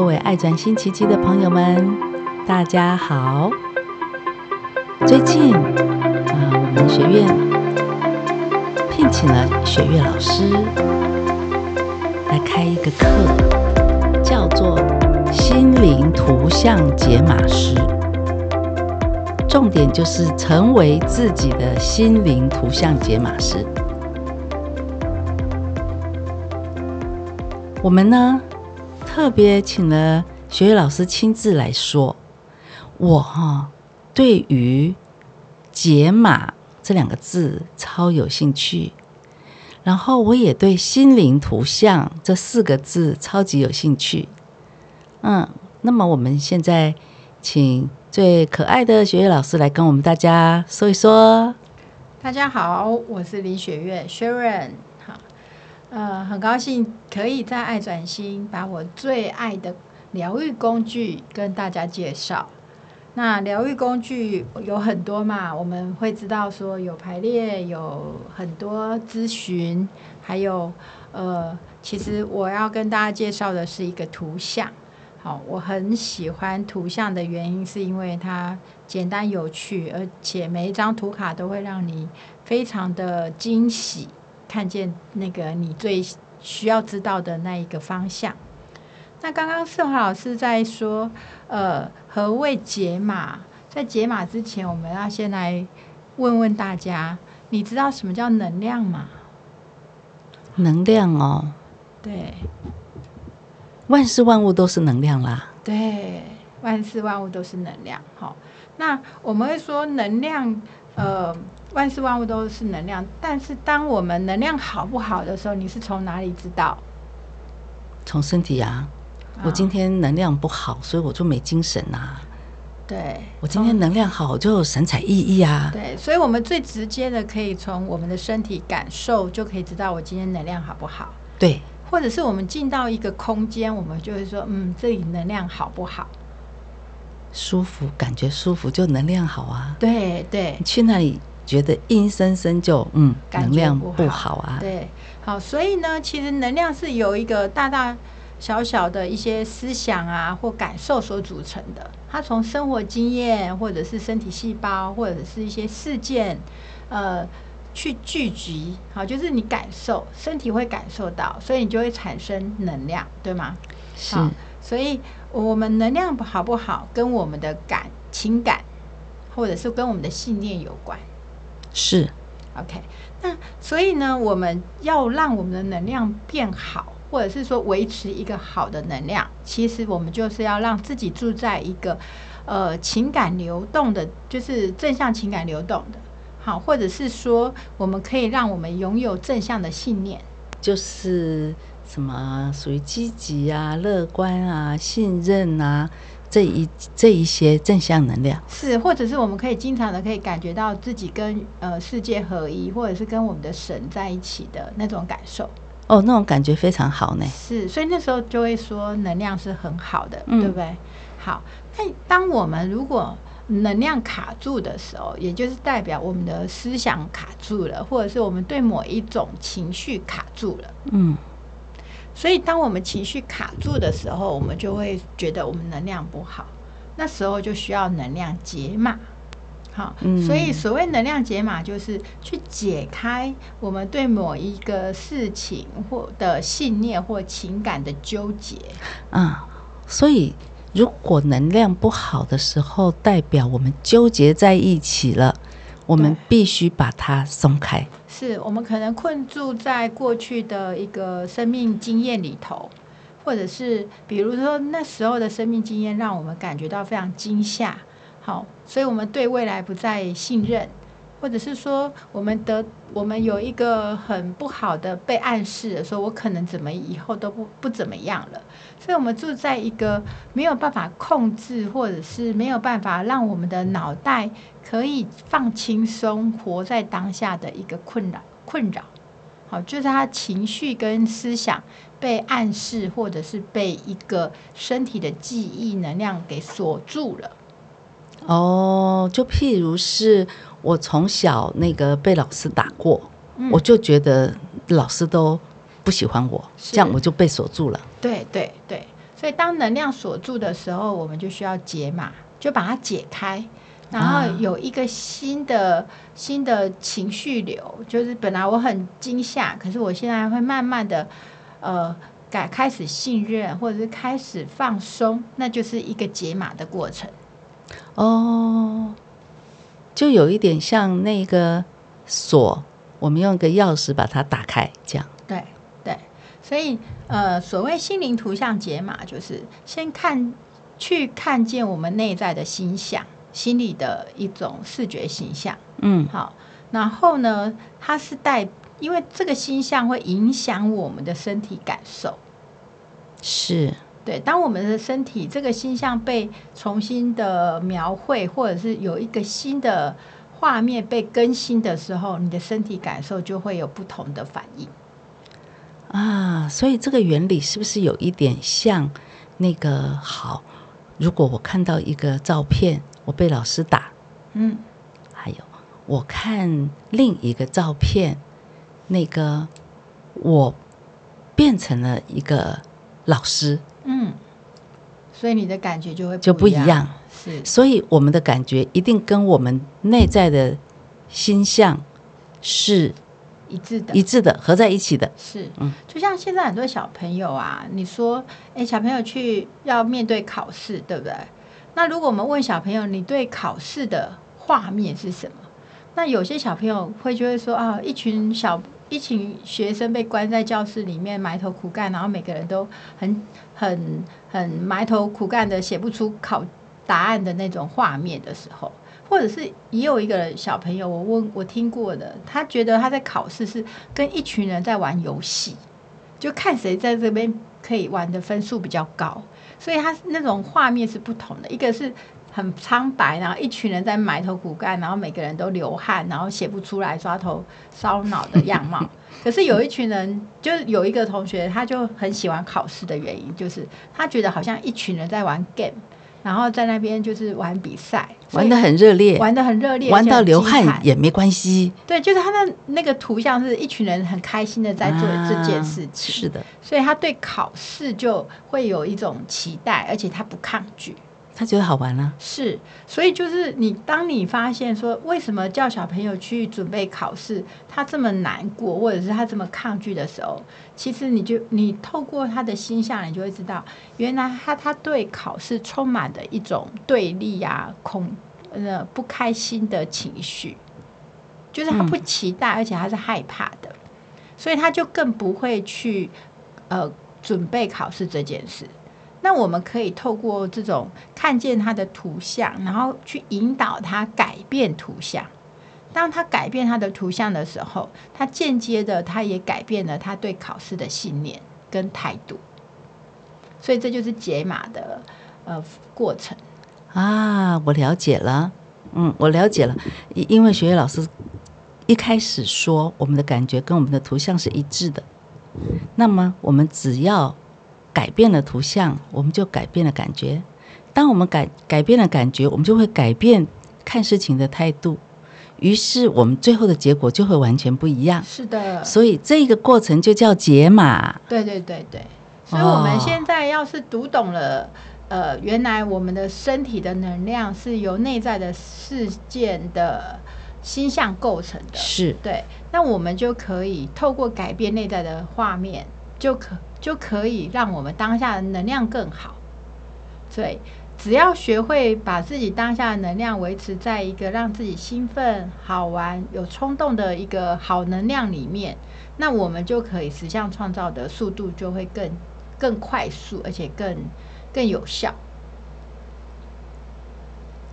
各位愛轉心奇蹟的朋友們，大家好！最近啊、呃，我們學院聘請了雪月老師來開一個課，叫做“心靈圖像解碼師”，重點就是成為自己的心靈圖像解碼師。我們呢，特別請了雪月老師親自來說，我哈對於解碼這兩個字超有興趣，然後我也對心靈圖像這四個字超級有興趣。嗯，那麼我們現在請最可愛的雪月老師來跟我們大家說一說。大家好，我是林雪月，Sharon。呃，很高興可以在愛轉心把我最愛的療癒工具跟大家介紹。那療癒工具有很多嘛，我們會知道說有排列，有很多諮詢，還有呃，其實我要跟大家介紹的是一個圖像。好，哦，我很喜歡圖像的原因是因為它簡單有趣，而且每一張圖卡都會讓你非常的驚喜。看見那個你最需要知道的那一個方向。那剛剛世華老師在說，呃，何謂解碼？在解碼之前，我們要先來問問大家，你知道什麼叫能量嗎？能量哦，對，萬事萬物都是能量啦。對，萬事萬物都是能量。好，那我們會說能量，呃。萬事萬物都是能量，但是當我們能量好不好的時候，你是從哪裡知道？從身體啊，哦、我今天能量不好，所以我就沒精神吶、啊。對，我今天能量好，我就神采奕奕啊。對，所以我們最直接的可以從我們的身體感受就可以知道我今天能量好不好。對，或者是我們進到一個空間，我們就會說，嗯，這裡能量好不好？舒服，感覺舒服就能量好啊。對對，對，你去那裡。覺得陰森森就嗯，能量不好啊，感覺不好。對，好，所以呢，其實能量是由一個大大小小的一些思想啊或感受所組成的。它從生活經驗，或者是身體細胞，或者是一些事件，呃，去聚集。好，就是你感受，身體會感受到，所以你就會產生能量，對嗎？是。好，所以我們能量好不好，跟我們的感情感，或者是跟我們的信念有關。是，OK。那所以呢，我們要讓我們的能量變好，或者是說維持一個好的能量，其實我們就是要讓自己住在一個呃情感流動的，就是正向情感流動的，好，或者是說我們可以讓我們擁有正向的信念，就是什麼屬於積極啊、樂觀啊、信任啊。這一這一些正向能量是，或者是我們可以經常的可以感覺到自己跟呃世界合一，或者是跟我們的神在一起的那種感受。哦，那種感覺非常好呢。是，所以那時候就會說能量是很好的，嗯、對不對？好，當我們如果能量卡住的時候，也就是代表我們的思想卡住了，或者是我們對某一種情緒卡住了。嗯。所以，當我們情緒卡住的時候，我們就會覺得我們能量不好。那時候就需要能量解碼。好，嗯，所以所謂能量解碼，就是去解開我們對某一個事情或的信念或情感的糾結。啊，嗯，所以如果能量不好的時候，代表我們糾結在一起了。我們必須把它鬆開。是，我們可能困住在過去的一個生命經驗裡頭，或者是比如說那時候的生命經驗讓我們感覺到非常驚嚇，好，所以我們對未來不再信任，或者是說我們得我們有一個很不好的被暗示的時候，說我可能怎麼以後都不不怎麼樣了。所以，我們住在一個沒有辦法控制，或者是沒有辦法讓我們的腦袋可以放輕鬆、活在當下的一個困擾。困擾，好、哦，就是他情緒跟思想被暗示，或者是被一個身體的記憶能量給鎖住了。哦，就譬如是我從小那個被老師打過，嗯、我就覺得老師都不喜歡我，是這樣我就被鎖住了。對對對，所以當能量鎖住的時候，我們就需要解碼，就把它解開，然後有一個新的、啊、新的情緒流，就是本來我很驚嚇，可是我現在會慢慢的呃改開始信任，或者是開始放鬆，那就是一個解碼的過程。哦，就有一點像那個鎖，我們用一個鑰匙把它打開，這樣。所以，呃，所謂心靈圖像解碼，就是先看去看見我們內在的心象，心理的一種視覺形象。嗯，好。然後呢，它是帶，因為這個心象會影響我們的身體感受。是，對。當我們的身體這個心象被重新的描繪，或者是有一個新的畫面被更新的時候，你的身體感受就會有不同的反應。啊，所以這個原理是不是有一點像那個？好，如果我看到一個照片，我被老師打。嗯，還有我看另一個照片，那個我變成了一個老師，嗯，所以你的感覺就會不，就不一樣，是，所以我們的感覺一定跟我們內在的心象是一致的，一致的，合在一起的是，嗯，就像現在很多小朋友啊，你說，誒、欸，小朋友去要面對考試，對不對？那如果我們問小朋友，你對考試的畫面是什麼？那有些小朋友會就會說啊，一群小一群學生被關在教室裡面埋頭苦幹，然後每個人都很很很埋頭苦幹的寫不出考。答案的那種畫面的時候，或者是也有一個小朋友，我問我聽過的，他覺得他在考試是跟一群人在玩遊戲，就看誰在這邊可以玩的分數比較高，所以他那種畫面是不同的。一個是很蒼白，然後一群人在埋頭苦幹，然後每個人都流汗，然後寫不出來，抓頭燒腦的樣貌。 可是有一群人，就有一個同學，他就很喜歡考試的原因，就是他覺得好像一群人在玩 game。然後在那邊就是玩比賽，玩得很熱烈，玩得很熱烈，玩到流汗也沒關係。對，就是他的那個圖像是一群人很開心的在做這件事情。啊，是的，所以他對考試就會有一種期待，而且他不抗拒。他覺得好玩了。啊，是，所以就是你，當你發現說，為什麼叫小朋友去準備考試，他這麼難過，或者是他這麼抗拒的時候，其實你就你透過他的心象，你就會知道，原來他他對考試充滿了一種對立啊、恐呃不開心的情緒，就是他不期待，嗯、而且他是害怕的，所以他就更不會去呃準備考試這件事。那我們可以透過這種看見他的圖像，然後去引導他改變圖像。當他改變他的圖像的時候，他間接的他也改變了他對考試的信念跟態度。所以這就是解碼的呃過程啊，我了解了，嗯，我了解了，因為雪月老師一開始說，我們的感覺跟我們的圖像是一致的。那麼我們只要。改變了圖像，我們就改變了感覺。當我們改改變了感覺，我們就會改變看事情的態度，於是我們最後的結果就會完全不一樣。是的，所以這個過程就叫解碼。對對對對，所以我們現在要是讀懂了，哦、呃，原來我們的身體的能量是由內在的事件的心象構成的。是，對，那我們就可以透過改變內在的畫面，就可。就可以讓我們當下的能量更好。對，只要學會把自己當下的能量維持在一個讓自己興奮、好玩、有衝動的一個好能量裡面，那我們就可以實相創造的速度就會更更快速，而且更更有效。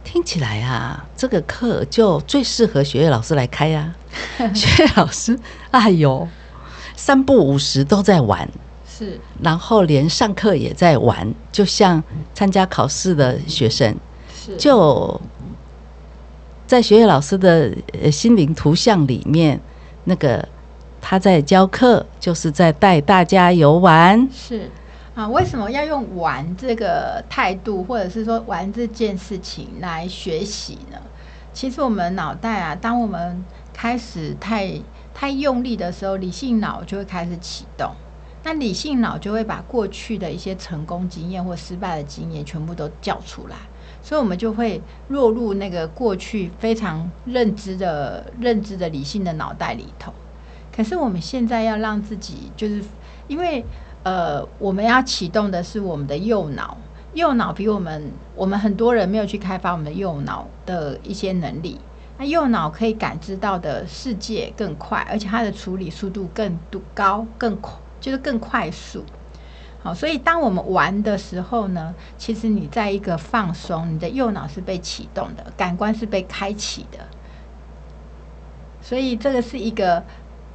聽起來啊，這個課就最適合學院老師來開啊。 學院老師，哎呦，三不五時都在玩。是，然後連上課也在玩，就像參加考試的學生，是就在雪月老師的呃心靈圖像裡面，那個他在教課，就是在帶大家遊玩。是啊，為什麼要用玩這個態度，或者是說玩這件事情來學習呢？其實我們腦袋啊，當我們開始太太用力的時候，理性腦就會開始啟動。那理性腦就會把過去的一些成功經驗或失敗的經驗全部都叫出來，所以我們就會落入那個過去非常認知的認知的理性的腦袋裡頭。可是我們現在要讓自己，就是因為呃，我們要啟動的是我們的右腦。右腦比我們我們很多人沒有去開發我們的右腦的一些能力。那右腦可以感知到的世界更快，而且它的處理速度更度高更快。就是更快速，好，所以當我們玩的時候呢，其實你在一個放鬆，你的右腦是被啟動的，感官是被開啟的，所以這個是一個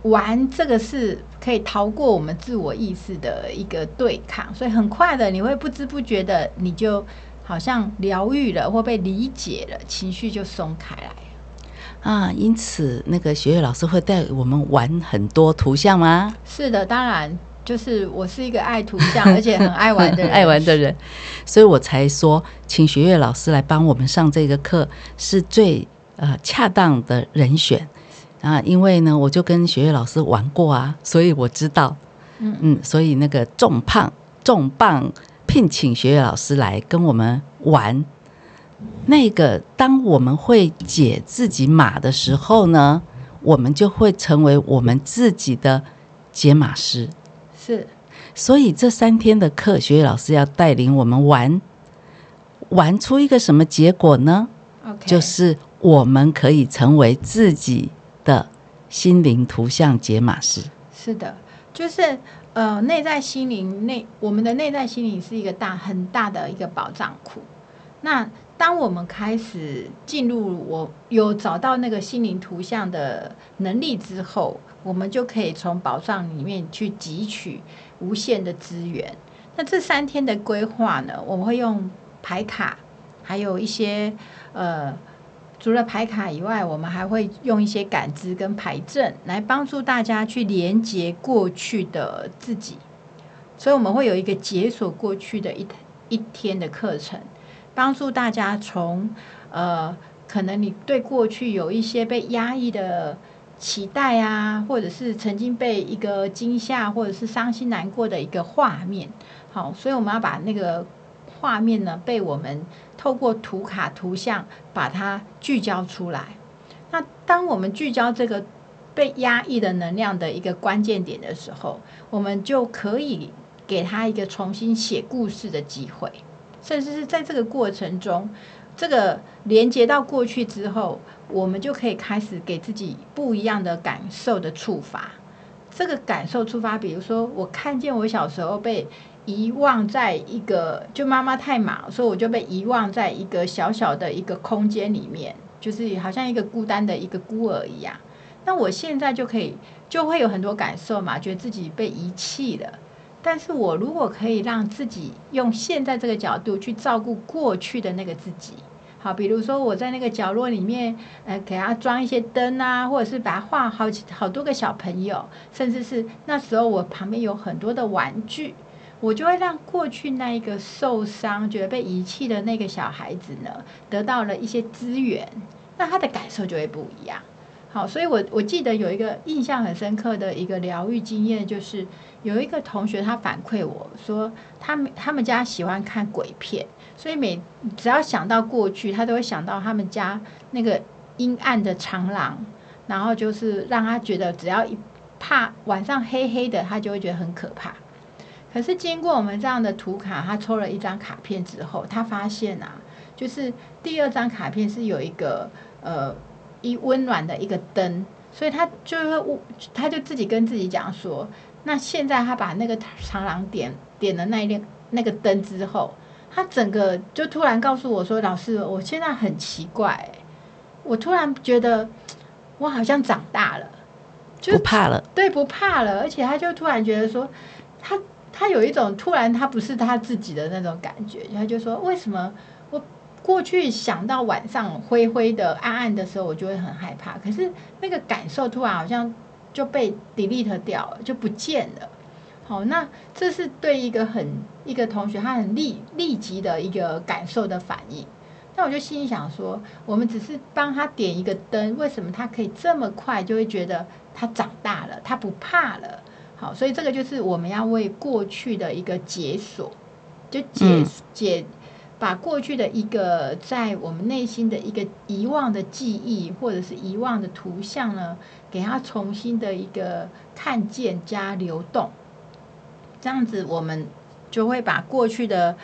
玩，這個是可以逃過我們自我意識的一個對抗，所以很快的你會不知不覺的，你就好像療癒了，或被理解了，情緒就鬆開來。啊，因此那個雪月老師會帶我們玩很多圖像嗎？是的，當然，就是我是一個愛圖像， 而且很愛玩的、的愛玩的人，所以我才說，請雪月老師來幫我們上這個課是最呃恰當的人選啊，因為呢，我就跟雪月老師玩過啊，所以我知道，嗯嗯，所以那個重磅重磅聘請雪月老師來跟我們玩。那個，當我們會解自己碼的時候呢，我們就會成為我們自己的解碼師。是，所以這三天的課，雪月老師要帶領我們玩，玩出一個什麼結果呢？Okay 就是我們可以成為自己的心靈圖像解碼師。是的，就是呃，內在心靈內，我們的內在心靈是一個大很大的一個寶藏庫。那當我們開始進入我有找到那個心靈圖像的能力之後，我們就可以從寶藏裡面去汲取無限的資源。那這三天的規劃呢？我們會用牌卡，還有一些呃，除了牌卡以外，我們還會用一些感知跟牌陣來幫助大家去連接過去的自己。所以我們會有一個解鎖過去的一一天的課程。幫助大家從，呃，可能你對過去有一些被壓抑的期待啊，或者是曾經被一個驚嚇，或者是傷心難過的一個畫面，好，所以我們要把那個畫面呢，被我們透過圖卡圖像把它聚焦出來。那當我們聚焦這個被壓抑的能量的一個關鍵點的時候，我們就可以給他一個重新寫故事的機會。甚至是在這個過程中，這個連接到過去之後，我們就可以開始給自己不一樣的感受的觸發。這個感受觸發，比如說，我看見我小時候被遺忘在一個，就媽媽太忙，所以我就被遺忘在一個小小的一個空間裡面，就是好像一個孤單的一個孤兒一樣。那我現在就可以，就會有很多感受嘛，覺得自己被遺棄了。但是我如果可以讓自己用現在這個角度去照顧過去的那個自己，好，比如說我在那個角落裡面，呃，給它裝一些燈啊，或者是把它畫好幾好多個小朋友，甚至是那時候我旁邊有很多的玩具，我就會讓過去那一個受傷、覺得被遺棄的那個小孩子呢，得到了一些資源，那他的感受就會不一樣。好，所以我，我我記得有一個印象很深刻的一個療癒經驗，就是有一個同學他反饋我說，他們他們家喜歡看鬼片，所以每只要想到過去，他都會想到他們家那個陰暗的長廊，然後就是讓他覺得只要一怕晚上黑黑的，他就會覺得很可怕。可是經過我們這樣的圖卡，他抽了一張卡片之後，他發現啊，就是第二張卡片是有一個呃。一溫暖的一個燈，所以他就會，他就自己跟自己講說，那現在他把那個長廊點點了那一列那個燈之後，他整個就突然告訴我說，老師，我現在很奇怪，我突然覺得我好像長大了，就不怕了，對，不怕了，而且他就突然覺得說，他他有一種突然他不是他自己的那種感覺，他就說為什麼？過去想到晚上灰灰的、暗暗的時候，我就會很害怕。可是那個感受突然好像就被 delete 掉了，就不見了。好，那這是對一個很一個同學他很立立即的一個感受的反應。那我就心裡想說，我們只是幫他點一個燈，為什麼他可以這麼快就會覺得他長大了，他不怕了？好，所以這個就是我們要為過去的一個解鎖，就解解。嗯把過去的一個在我們內心的一個遺忘的記憶，或者是遺忘的圖像呢，給它重新的一個看見加流動，這樣子我們就會把過去的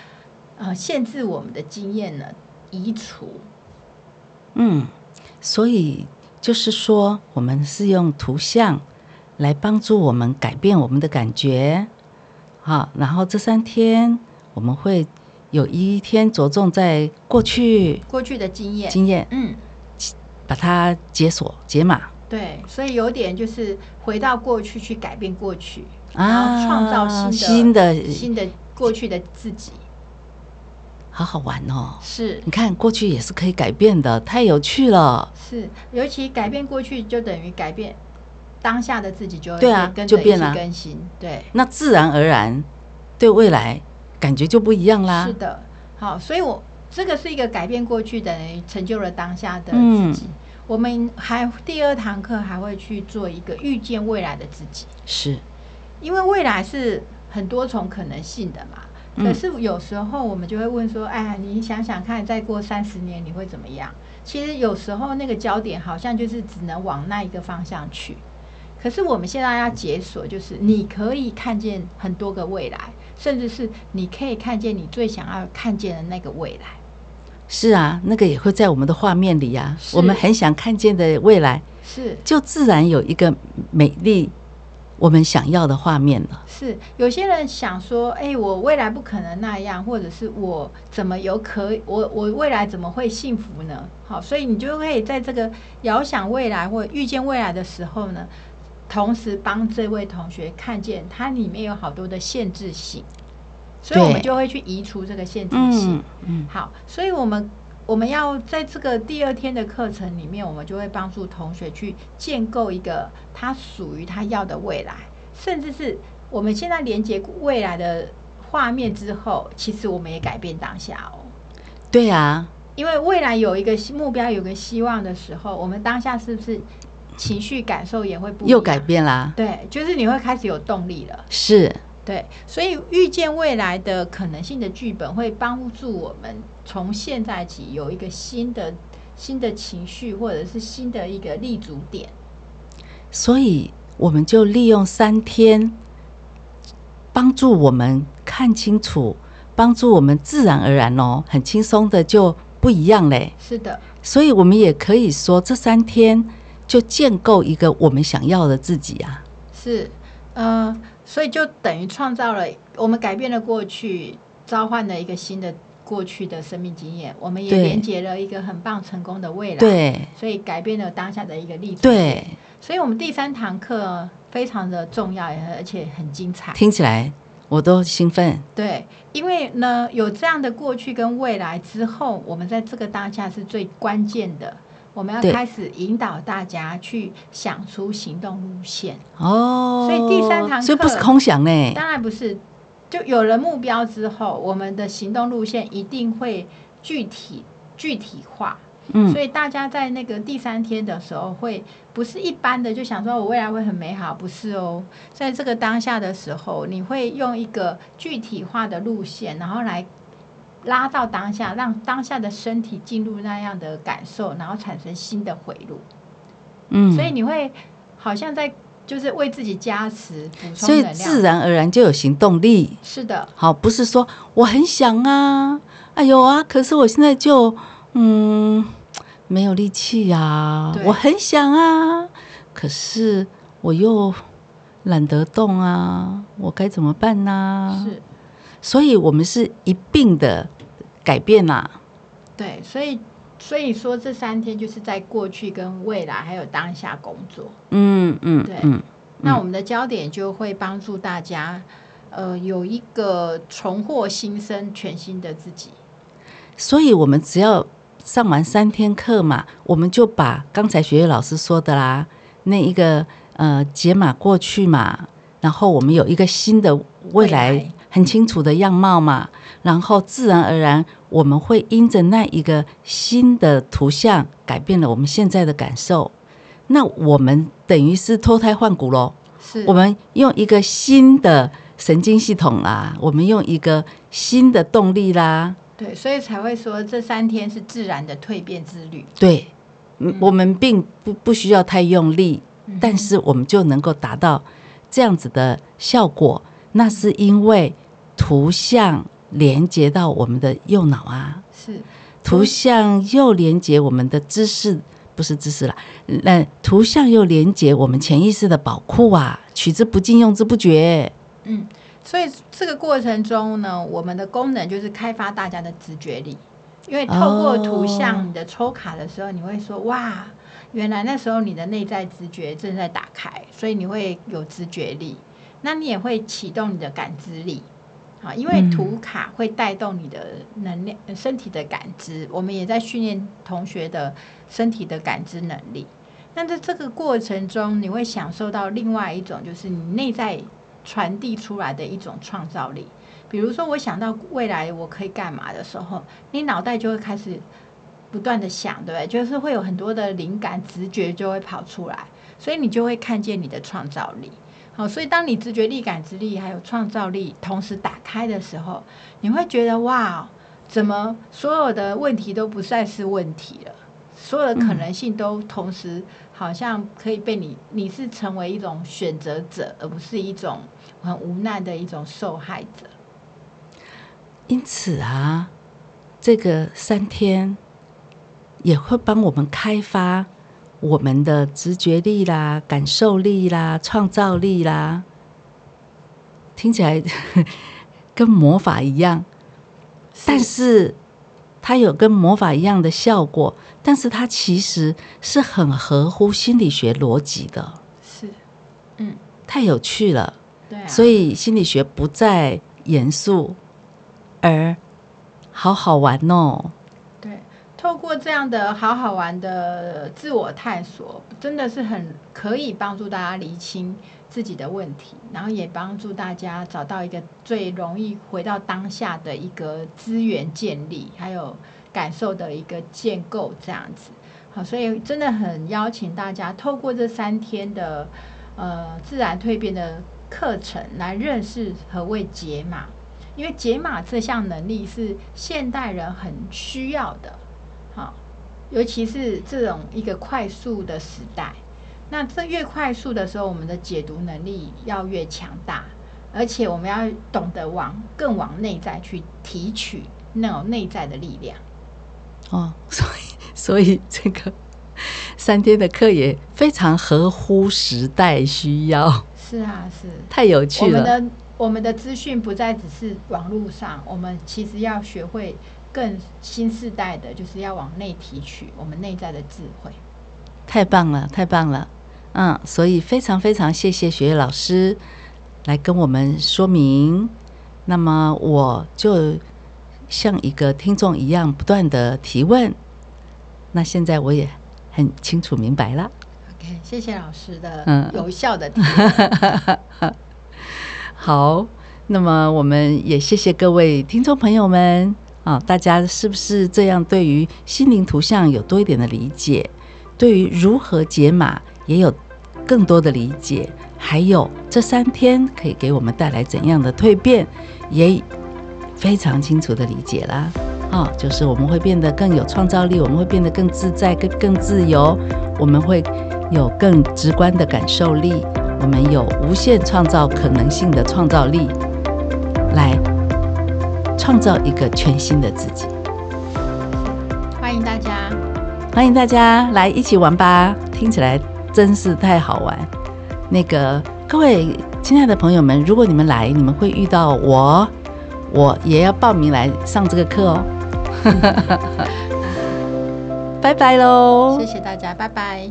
呃限制，我們的經驗呢移除。嗯，所以就是說，我們是用圖像來幫助我們改變我們的感覺。好，啊，然後這三天我們會。有一天着重在過去，過去的經驗，經驗，嗯，把它解鎖解碼。對，所以有點就是回到過去去改變過去，啊、然後創造新的新的新的過去的自己，好好玩哦！是，你看過去也是可以改變的，太有趣了。是，尤其改變過去就等於改變當下的自己就，就對啊，就變了更新。對，那自然而然對未來。感覺就不一樣啦。是的，好，所以我，我這個是一個改變過去，等於成就了當下的自己。嗯、我們還第二堂課還會去做一個預見未來的自己。是，因為未來是很多重可能性的嘛。可是有時候我們就會問說：“嗯、哎，你想想看，再過三十年你會怎麼樣？”其實有時候那個焦點好像就是只能往那一個方向去。可是我們現在要解鎖，就是你可以看見很多個未來。甚至是你可以看見你最想要看見的那個未來，是啊，那個也會在我們的畫面裡呀、啊。是我們很想看見的未來，是就自然有一個美麗我們想要的畫面了。是有些人想說，哎、欸，我未來不可能那樣，或者是我怎麼有可我我未來怎麼會幸福呢？好，所以你就可以在這個遙想未來或遇見未來的時候呢。同時幫這位同學看見，它裡面有好多的限制性，對所以我們就會去移除這個限制性。嗯，嗯，好，所以我們我們要在這個第二天的課程裡面，我們就會幫助同學去建構一個他屬於他要的未來，甚至是我們現在連接未來的畫面之後，其實我們也改變當下哦。對啊，因為未來有一個目標，有個希望的時候，我們當下是不是？情緒感受也會不會有改變啦？對，就是你會開始有動力了。是，對，所以預見未來的可能性的劇本會幫助我們從現在起有一個新的新的情緒，或者是新的一個立足點。所以，我們就利用三天幫助我們看清楚，幫助我們自然而然哦，很輕鬆的就不一樣嘞。是的，所以我們也可以說這三天。就建構一個我們想要的自己啊！是，呃。所以就等於創造了我們改變了過去，召喚了一個新的過去的生命經驗，我們也連接了一個很棒成功的未來。對，所以改變了當下的一個立足點。對，所以我們第三堂課非常的重要，而且很精彩。聽起來我都興奮。對，因為呢有這樣的過去跟未來之後，我們在這個當下是最關鍵的。我們要開始引導大家去想出行動路線哦，對所以第三堂課，所以不是空想呢？當然不是，就有了目標之後，我們的行動路線一定會具體具體化。嗯，所以大家在那個第三天的時候，會不是一般的就想說我未來會很美好，不是哦，在這個當下的時候，你會用一個具體化的路線，然後來。拉到當下，讓當下的身體進入那樣的感受，然後產生新的回路。嗯，所以你會好像在就是為自己加持，所以自然而然就有行動力。是的，好，不是說我很想啊，哎呦啊，可是我現在就嗯，沒有力氣啊，對我很想啊，可是我又懶得動啊，我該怎麼辦呢啊？是。所以，我們是一併的改變嘛、啊？對，所以，所以說這三天就是在過去、跟未來還有當下工作。嗯嗯，嗯對。嗯、那我們的焦點就會幫助大家，嗯、呃，有一個重獲新生、全新的自己。所以我們只要上完三天課嘛，我們就把剛才雪月老師說的啦，那一個呃解碼過去嘛，然後我們有一個新的未來。未來很清楚的樣貌嘛，然後自然而然，我們會因着那一個新的圖像，改變了我們現在的感受。那我們等於是脫胎換骨嘍，是我們用一個新的神經系統啦、啊，我們用一個新的動力啦。對，所以才會說這三天是自然的蛻變之旅。對，嗯、我們並不不需要太用力，嗯、哼但是我們就能夠達到這樣子的效果。那是因為圖像連接到我們的右腦啊，是圖像又連接我們的知識，不是知識啦。那圖像又連接我們潛意識的寶庫啊，取之不盡，用之不絕。嗯，所以這個過程中呢，我們的功能就是開發大家的直覺力，因為透過圖像，哦、你的抽卡的時候，你會說哇，原來那時候你的內在直覺正在打開，所以你會有直覺力。那你也會啟動你的感知力，啊，因為圖卡會帶動你的能量、身體的感知。我們也在訓練同學的身體的感知能力。那在這個過程中，你會享受到另外一種，就是你內在傳遞出來的一種創造力。比如說，我想到未來我可以幹嘛的時候，你腦袋就會開始不斷的想，對不對？就是會有很多的靈感、直覺就會跑出來，所以你就會看見你的創造力。所以當你直覺力、感知力還有創造力同時打開的時候，你會覺得哇，怎麼所有的問題都不再是問題了？所有的可能性都同時好像可以被你，你是成為一種選擇者，而不是一種很無奈的一種受害者。因此啊，這個三天也會幫我們開發。我們的直覺力啦、感受力啦、創造力啦，聽起來呵呵跟魔法一樣，是，但是它有跟魔法一樣的效果，但是它其實是很合乎心理學邏輯的。是，嗯，太有趣了。對啊，所以心理學不再嚴肅，而好好玩哦。透過這樣的好好玩的自我探索，真的是很可以幫助大家釐清自己的問題，然後也幫助大家找到一個最容易回到當下的一個資源建立，還有感受的一個建構這樣子。好，所以真的很邀請大家透過這三天的呃自然蛻變的課程來認識何謂解碼，因為解碼這項能力是現代人很需要的。尤其是這種一個快速的時代，那這越快速的時候，我們的解讀能力要越強大，而且我們要懂得往更往內在去提取那種內在的力量。哦，所以所以這個三天的課也非常合乎時代需要。是啊是，是太有趣了。我們的我們的資訊不再只是網路上，我們其實要學會。更新時代的，就是要往內提取我們內在的智慧。太棒了，太棒了，嗯，所以非常非常謝謝雪月老師來跟我們說明。那麼我就像一個聽眾一樣，不斷的提問。那現在我也很清楚明白了。OK，謝謝老師的有效的提問。嗯、 好，那麼我們也謝謝各位聽眾朋友們。啊，大家是不是這樣？對於心靈圖像有多一點的理解，對於如何解碼也有更多的理解，還有這三天可以給我們帶來怎樣的蛻變，也非常清楚的理解啦。啊、哦，就是我們會變得更有創造力，我們會變得更自在、更更自由，我們會有更直觀的感受力，我們有無限創造可能性的創造力。來。創造一個全新的自己，歡迎大家，歡迎大家來一起玩吧！聽起來真是太好玩。那個，各位親愛的朋友們，如果你們來，你們會遇到我，我也要報名來上這個課哦。拜拜嘍！ bye bye 咯謝謝大家，拜拜。